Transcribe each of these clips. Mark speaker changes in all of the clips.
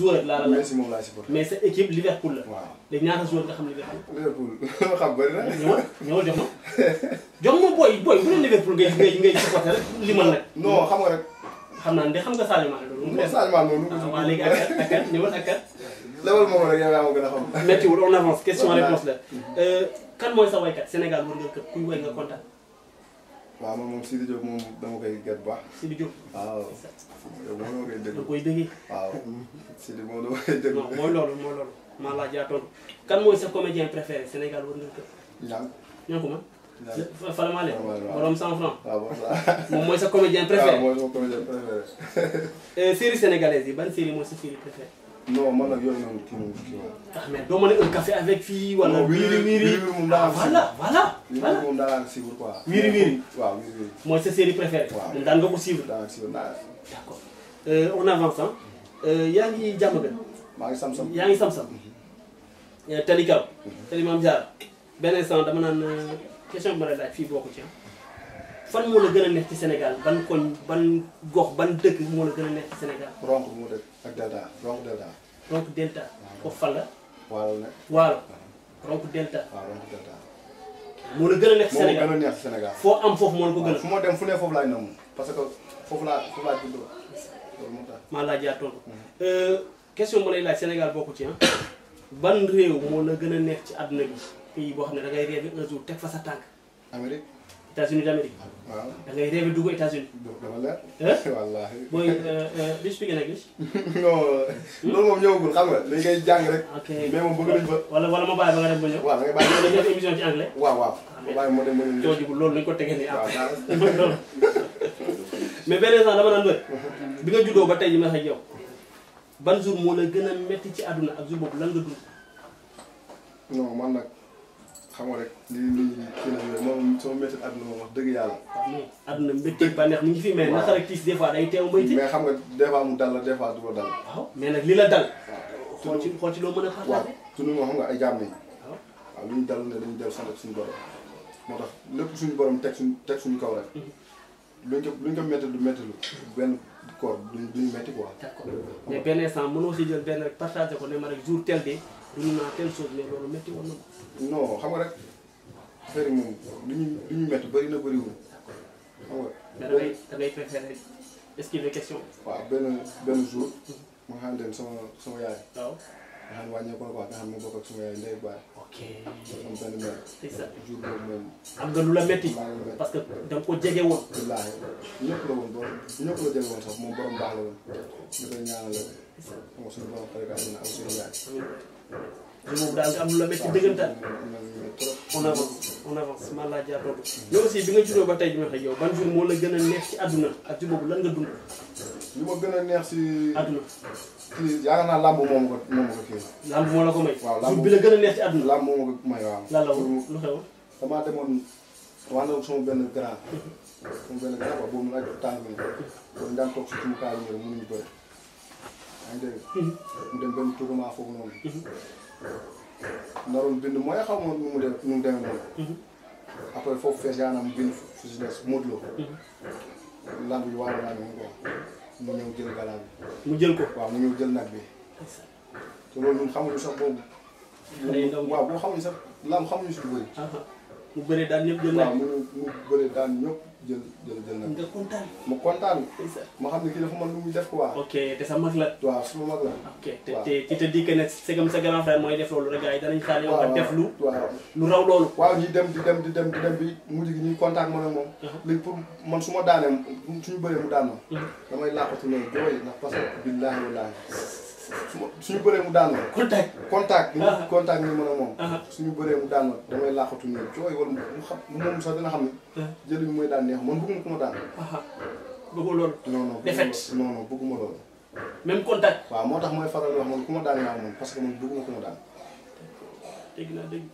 Speaker 1: joueur la laaj Messi moom laa supporté mais sa équipe Liverpool la. waaw léegi ñaata joueur nga xam Liverpool. Liverpool xam bëri na. ñëwal ñëwal jox ma jox ma bu ne Liverpool ngay ngay ngay supporté rek limal nag. rek. xam naa ne xam nga Sadio loolu. moom Sadio Mané moom lu ah, waaw léegi ak ak ak ñëwal ak ak. lebal moom rek yow yaa ma gën a xam. méttiwul on avance question réponse la. Euh, kan mooy sa waykat Sénégal wër nga këpp waaw man moom Sidi Diop moom dama koy gët bu baax. Sidi Diop waaw. yow moom dama koy déglu da koy dégg. waaw Sidi moom dama koy déglu. non mooy loolu mooy loolu maa laa jaatoon kan mooy sa comédien préféré Sénégal war nañu ko. ñaan ñaan ko ma. ñaan Fallama Allé. borom 100 francs. waaw ah, moom mooy sa comédien préféré. waaw ah, mooy sa comédien préféré. Euh, série sénégalaise yi ban série mooy sa série préférée. non man ak yooyu noonu kii moom ah mais doo mën a un café avec fii wala. miri, miri. moom daal voilà voilà. wiiri moom daal suivre quoi. Miri, miri. waaw miri, wiiri. mooy sa série préférée. waaw moom daan nga ko suivre. D'accord. Euh, on avance ah. yaa ngi jàmm benn. maa ngi Samsam. sam yaa ngi sam sam. Mhm. Euh, tali kaw. Mhm. tali maam jaar benn instant dama naan euh, question bi ma lay laaj fii fan moo la gën a neex ci Sénégal ban koñ ban gox ban dëkk moo la gën a neex ci Sénégal. ronk moo dëkk ak delta ronk foofu fan la. waalo ne waalo
Speaker 2: moo gën a neex ci Sénégal moo la gën a neex ci
Speaker 1: Sénégal. foo am foofu moo la ko gën a. fu ma dem fu ne foofu laay namm parce que foofu foofu laa juddoo loolu maa laa jaar tontu. Mm-hmm. Euh, question bu lay laaj Sénégal bokku ci ah. ban réew moo la gën a neex ci àdduna bi pays boo xam ne dangay ngay réew un teg fa sa tànk. États-Unis d'Amérique. waaw da ngay rêvé dugg États-Unis. dama leer. wallaahi booy euh, euh, do you speak in English. non hmm? loolu moom ñëwagul xam nga dañ koy jàng rek. ok mais moom bëgg nañ ba. wala wala ma bàyyi ba nga dem ba ñëw. waaw da ngay bàyyi dañuy def émission ci anglais. Ah, dem ba ñëw. coono loolu lañ ko tegee nii après. waaw mais beneen sax nga juddoo ba tey jii ma ak yow. ban jour moo la gën a métti ci àdduna ak jour boobu lan nga dund. non xam nga rek li li kii la moom sama métti àdduna moom wax dëgg yàlla. àdduna mbégteeg bànneex mi ngi fi mais naqar ak tiis des fois day teew béyti. mais xam nga des ma dal. waaw mais nag li la dal. waaw xool a xam nga ay jàmm yi. waaw lu ñu dal ne dañu dal sant suñu borom. moo tax lépp suñu boroom teg suñu teg suñu kaw rek. Mhm. luñ ko luñ ko métti du métti lu benn koor duñ duñ métti quoi. d'accord mais benn instant mënoo si jël benn rek partagé ko ne ma rek jour tel de. dund naa telle chose mais loolu métti woon na non xam nga rek affaire yi moom li ñu li ñu métti bëri na bëriwul xam nga. da ngay da ngay préféré esquiver question. waaw benn benn jour. ma xam ne sama sama yaay. waaw nga xam ne wàññeeku na quoi nga xam ne bokk ak sama yaay ndey baay. ok am benn mère. c'est ça jour boobu moom. am nga lu la métti. parce que da nga ko jege woon. wallaahi ñëpp la woon borom ñëpp la jege woon sax moom borom baax la woon. ñu koy ñaanal la. c'est ça xam nga suñu borom pare am na am suñu yaay.
Speaker 2: moom daal nga am la métti dëggantaan
Speaker 1: on avance on avance man laa jaar loolu. mais bi nga juddoo ba tey ñu wax yow ban jour moo la gën a neex ci àdduna ak ci boobu lan nga dund. li ma gën a neex si. àdduna. kii yaakaar naa làmb moom ko moom ko kii. làmb moo la ko may. làmb jour bi la gën a neex làmb moo ma ko may waaw. lan la woon lu xew. damaa demoon wax na sama benn grand. sama benn grand quoi boobu nag tàng nañu ko. kon dégg nga. dem benn tuugumaa foofu noonu. naroon bind mooy xamoon nu mu def nu mu demee noonu. après foofu fees yaanaam bind fu si des Modou Lo. lamb yi waaw naa ñu ko mu ñëw jël galaan bi. mu jël ko waaw mu ñëw jël nag bi. te loolu ñun xamuñu sax boobu. waaw boo xamuñu sax lamb xamuñu si lu bëri. mu bëree daan ñëpp. jël jël jël na nga kontaan. ma kontaan. ma xam ne kii dafa mën lu muy def quoi. ok te sa mag la. waaw su ma mag la. ok te te ci te di que ne segam sa grand frère mooy def loolu rek gars yi danañ xaar yow nga def lu. lu raw loolu. waaw ñuy dem di dem di dem bi mujj gi ñuy kontaan man ak moom. Uh-huh. pour man su daanee suñu bëree mu daan ma. Uh-huh. damay làqatu ne jooy ndax parce que billaahi wallaahi suñu bëree mu daan ma. contact contact. ñu ah. contact ñu mën a moom. Ah. suñu bëree mu daan ma damay laaxatu ñu cooy wala mu xam moom sax dina xam ne. Ah. jëli bi mooy daan neex man bëgguma ko ma daan. bëggu loolu. non non defet non non bëgguma loolu. même contact. waaw moo tax mooy faral wax man ku ma daan yaa moom parce que man bëgguma ko ma daan. dégg naa dégg.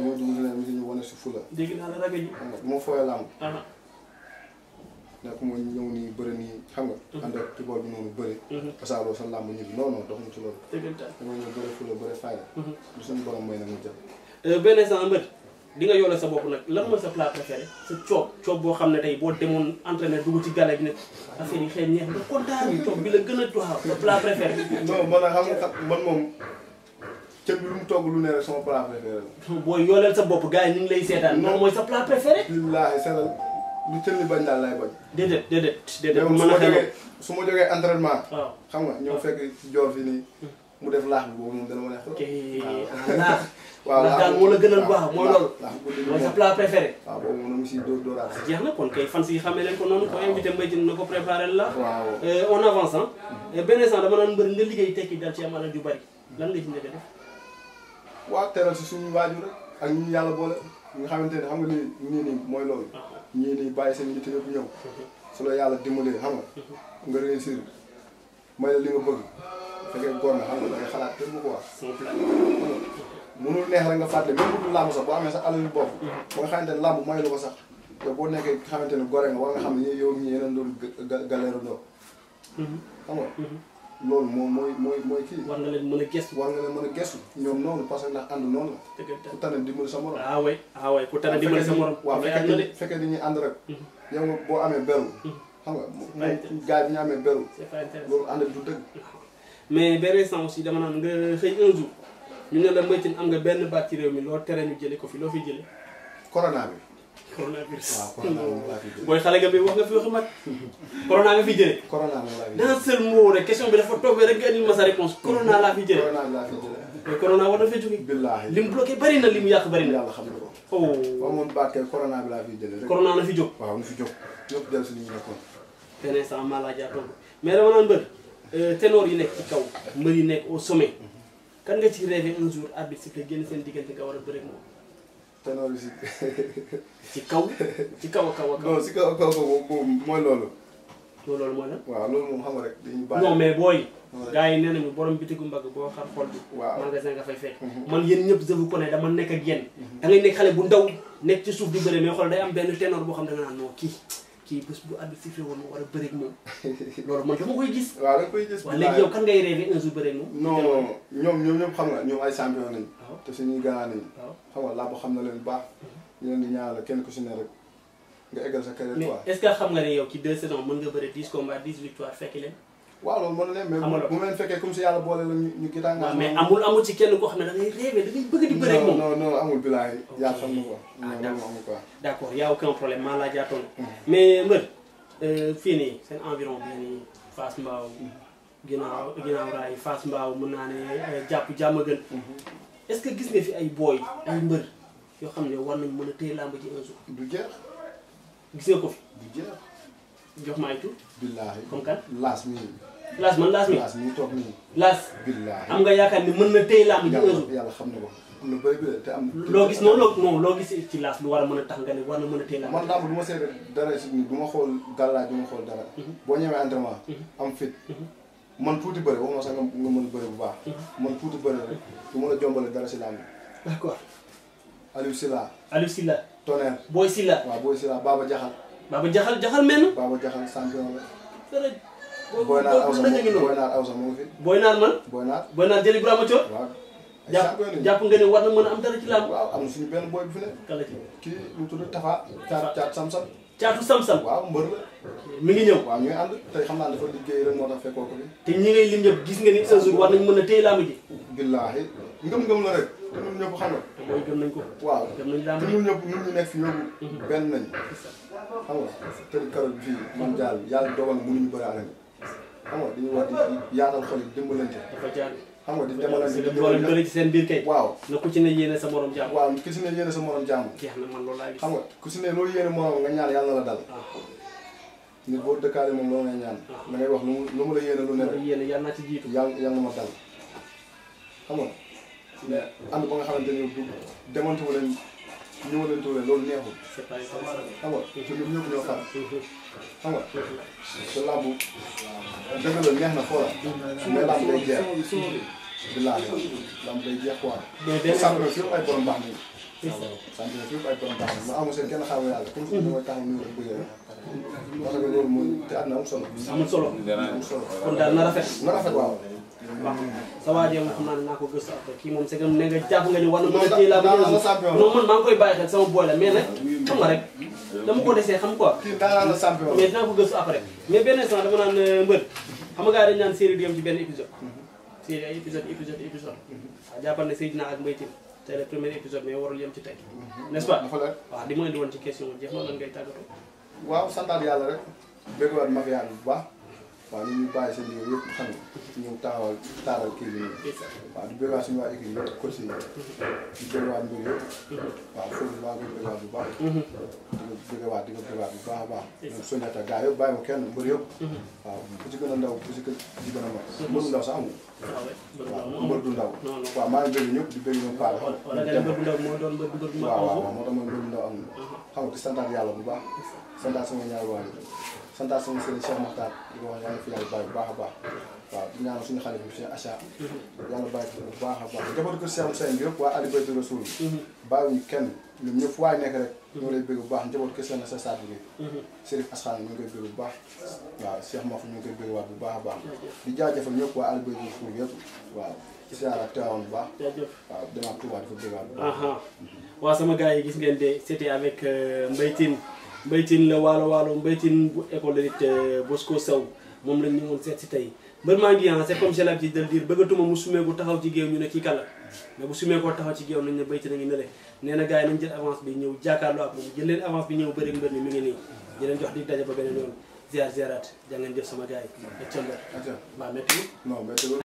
Speaker 1: waaw li ma dugg ñu wane si fula. dégg naa la ragal yi. xam nga bu ma fooyee làmb. nekku ma ñëw nii bëri nii xam nga. Mhm. ànd ak tubaab bi noonu bëri. tasaaroo mhm. sa làmb ñibbi non non doxuñ ci loolu. dëggantaan dama ñëw bëri fula bëri fayda. lu mhm. seen na mu jàpp. Euh, sa bopp nag plat préféré boo xam ne tey boo demoon entraîné dugg ci gàllank nag affaire yi xëy neex nga kontaan yi la gën a waaw sa plat préféré. non man xam nga man moom. cër lu mu togg lu ne rek sama plat préféré sa bopp gars yi ñu lay seetaan. non mooy sa lu tënnu bañ daal laay bañ. déedéet déedéet. déedéet mën na xelal su ma jógee entraînement. waaw xam nga ñoo fekk joor fi nii. Hmm. mu def laax bi boobu moom dana ma neex. waaw laax. waaw laax daal moo la gënal baax mooy loolu. mooy sa plat préféré. waaw boobu moom mu si dóor dóoraat. jeex na kon kay fan si xamee leen ko noonu. waaw ko invité mbay jënd na ko préparé la. waaw euh, on avance ah. benn sens dama naan mbër nga liggéey tekki dal ci am alal ju bari. lan nga ci njëkk a def. waaw teral si suñu waajur rek ak ñun yàlla boole nga xamante ne xam nga lii nii nii mooy loolu ah. ñii di bàyyi seen yitte yëpp yow mhm. su la yàlla dimbalee xam nga mhm. nga réussir may la li nga bëgg fekkee góor nga xam nga da ngay xalaat kenn bu wax mhm. mënul neex rek nga fàtte même bu dul làmb sax boo amee sax alal yu bopp ba nga xamante ne làmb may lu ko sax te boo nekkee xamante ni gore nga war nga xam ne yow ñi yeneen doon galère ndoo xam nga loolu moom mooy mooy mooy kii. war nga leen mën a gëstu. war nga leen mën a gëstu ñoom noonu parce que ndax ànd noonu la. ku tane dimbali sa morom. ah oui ah oui ku tane dimbali sa morom. waaw fekkee dañuy ànd rek. Mhm. yow boo amee beru. Mhm. xam nga moom gars yi ñu amee beru. loolu ànd du dëgg. mais ba récent aussi dama naan nga xëy un jour ñu ne la Mbaye Tine am nga benn baat ci réew mi loo tere ñu jëlee ko fi loo fi jëlee. korona bi. coronavirus. waaw ah, coronavirus xale nga bi wax nga fi wax mag. corona nga fi jëlee. corona nga laa fi dans seul mot rek question bi dafa tombé rek nga indil ma sa réponse corona li mu bloqué bari li mu yàq bari na. yàlla xam na ko. oh ba mu bàttee corona bi laa fi jëlee rek. corona na fi jóg. waaw na fi mais dama naan mbër euh, yi nekk ci kaw mbër yi nekk au sommet mhm. kan nga ci rêvé un jour arbitre sifflé génn seen diggante nga war a bëre moom ténor si. ci kaw ci kaw a kaw a kaw. non si kaw a kaw moom mooy loolu. mooy loolu mooy lan. waaw loolu moom xam nga rek dañuy bàyyi. non mais booy. gars yi nee nañu borom bitigu mbagg boo xar xol bi. waaw magasin nga fay fekk. Mhm. man yéen ñëpp je vous connais dama nekk ak yéen. Mhm. da ngay nekk xale bu ndaw nekk ci suuf di bëre mais xool day am benn ténor boo xam ne da nga naan non kii. kii bés bu àddu sifflé woon ma war a bëreeg moom loolu man dama koy gis. waaw da nga koy gis. waaw léegi yow kan ngay rêvé un jour bëreeg moom. non ñoom ñoom ñoom xam nga ñoom ay champion nañu. te suñuy ganaane yi xam nga làmb xam na leen baax ñu mhm. leen di ñaanal kenn ku si ne rek nga eggal sa carrière quoi mais est xam nga ne yow ci deux saisons mën nga bëri dix combats dix victoires fekk leen waaw loolu mën ñu gitaa nga mais amul amul ci kenn koo xam ne da ngay rêvé da ngay bëgg di bëri ak moom non non amul bilaay yaa xam na ah, quoi non amul a mhm. euh, seen environ bi nii Fass Mbao mhm. ginnaaw ginnaaw raay Fass Mbao mën naa ne euh, jàpp jàmm gën est-ce que gis nga fi ay booy ay mbër yoo xam ne war nañ mën a téye làmb ci un jour. du jeex. gisee ko fi. du jeex. jox ma ay tur. billaahi comme kan. laas mi. laas man laas mi laas mi toog nii. laas. billaahi am nga yaakaar ne mën na téye làmb ci un jour. yàlla xam na ko. lu bëri bi te am. loo gis noonu loo non loo gis ci laas lu war a mën a tax nga ne war na mën a téye làmb. man làmb du ma seet dara si du ma xool gàllaaj du ma xool dara. Mhm. boo ñëwee entraînement. Mhm. am fit. Mhm. man tuuti bëri waxuma sax nga mën bëri bu baax. man tuuti bëri rek du mun a jombale dara si làmb d' accord. Aliou Silla. Aliou Silla. Tonnerre. Boy Silla. waaw Boy Silla Baba Jaxal. Baba Jaxal Jaxal mel na. Baba Jaxal champion la. dara booy naar awsa booy naar awsa moo ngi fi. booy naar man. booy naar booy naar jëli Birama Thior. waaw jàpp nga ne war na mën a am dara ci làmb. waaw am na suñu benn booy bu ne. kala ci kii lu tudd Tafa. Tafa Caatu Samsam. Caatu Samsam. waaw mbër la. mi ngi ñëw waaw ñuy ànd tey xam naa dafa liggéey ren moo tax fekkoo ko te ñi ngay lim ñëpp gis nga ni un jour war nañ mën a téye làmb ji. billaahi ngëm-ngëm la rek te ñun ñëpp xam nga. te ko. waaw gëm nañ laa ñun ñëpp ñun ñu nekk fi ñëpp. benn nañ xam nga te Karol fii man jaal yàlla dogal mënuñu bëraale ñu. xam nga dañuy war di yaatal xol yi dimbalante. dafa jaar xam nga di demalante di dimbalante ci seen biir kay. waaw na ku ci ne yéene sa morom jàmm. waaw ku ci ne yéene sa morom jàmm. jeex na man laa gis. xam nga ku ci ne loolu yéene morom nga ñaan yàlla la dal. Ah. nit boo dëkkaale moom loolu ngay ñaan. Ah. da ngay wax lu mu lu mu la yéene lu ne. yéene yàlla naa ci jiitu yàlla yàlla ma dal xam nga mais ànd ba nga xamante ne bu demantewu leen ñëwalantewu leen loolu neexul. xam nga te ñoom ñëpp ñoo far mm-hmm. xam nga te làmb dëgg la neex na foola mais làmb day jeex. Mm-hmm. di laale làmb day jeex si ay borom baax nañu. sant na fépp ay kontaan ma amul seen kenn xaamu yàlla comme que mooy taxaw ñu ko bëggee parce que loolu mooy te am na am solo. amul solo amul solo kon daal na rafet. na rafet waaw. waaw sa waa jéem xam naa ne naa ko gëstu après kii moom c'est que ne nga jàpp nga ni war na mën a téye laa bëgg non man maa ngi koy bàyyi xel sama boole mais nag xam nga rek dama ko desee xam quoi mais dinaa ko gëstu après mais benn instant dama naan mbër xam nga dañ naan série du yem ci benn épisode série ay épisode épisode épisode waaw jàppal ne Seydina ak Mbaye Tine tey le premier épisode mais warul yem ci tey n'est-ce pas mm-hmm. waaw di ma indi woon ci question jeex na lan ngay tàggatoo waaw santaat yàlla rek bëgg waat mafia bi bu baax waaw ñu ñuy bàyyi seen liggéey yëpp xam nga ñëw taawal taaral kii bi waaw di bëggaat suñu waa di bëggaat mbir yëpp mm-hmm. waaw foofu maa ngi bëggaat bu baax mm-hmm. di nga bëggaat di nga bëggaat bu baax a baax ñoom soñata gars yëpp bàyyi ma kenn mbër yëpp mm-hmm. waaw ku ci a ndaw a ah waaw di bëgg ñoom paal waaw moo tax man mbër du ndaw amul xam nga di santaat yàlla bu baax santaat sama ñaar waay santaat sama sëriñ Cheikh Makhtar di ko wax yàlla fi yàlla bàyyi bu baax a baax waaw di ñaanal suñu xale bi Cheikh Acha yàlla bàyyi ko bu baax a baax njabootu ko Cheikh Ousseyn bi yëpp waa Ali Baytu Rasul mm-hmm. bàyyiwuñu kenn ñoom ñëpp waaye nekk rek mm-hmm. ñoo lay bëgg bu baax njabootu ko Cheikh na sa saat bi Serif Asxaan ñu ngi koy bëgg bu baax waaw Cheikh Mafou ñu ngi koy bëgg waat bu baax a baax di jaajëfal ñëpp waa Ali Baytu Rasul yëpp waaw siyaara teewoon bu baax waaw demaat Touba di ko bëggaat bu baax waaw sama gars yi gis ngeen de c'était avec euh, Mbaye Tine mbaytin la waalo waalo mbaytin bu école de Bosco Sow moom lañ ñëwoon seet si tey mbër maa ngi c'est comme j'ai l'habitude de le dire bëggatuma mu sumeeku taxaw ci géew ñu ne kii kala mais bu sumee koo taxaw ci géew nañ ne baytin na ngi nele nee na gars yi nañ jël avance bi ñëw jaakaarloo ak moom jël leen avance bi ñëw bëri mbër mi mi ngi nii di leen jox di daje ba beneen yoon ziar ziaraat jàngeen jëf sama gars yi ak cëmbër waaw métti non métti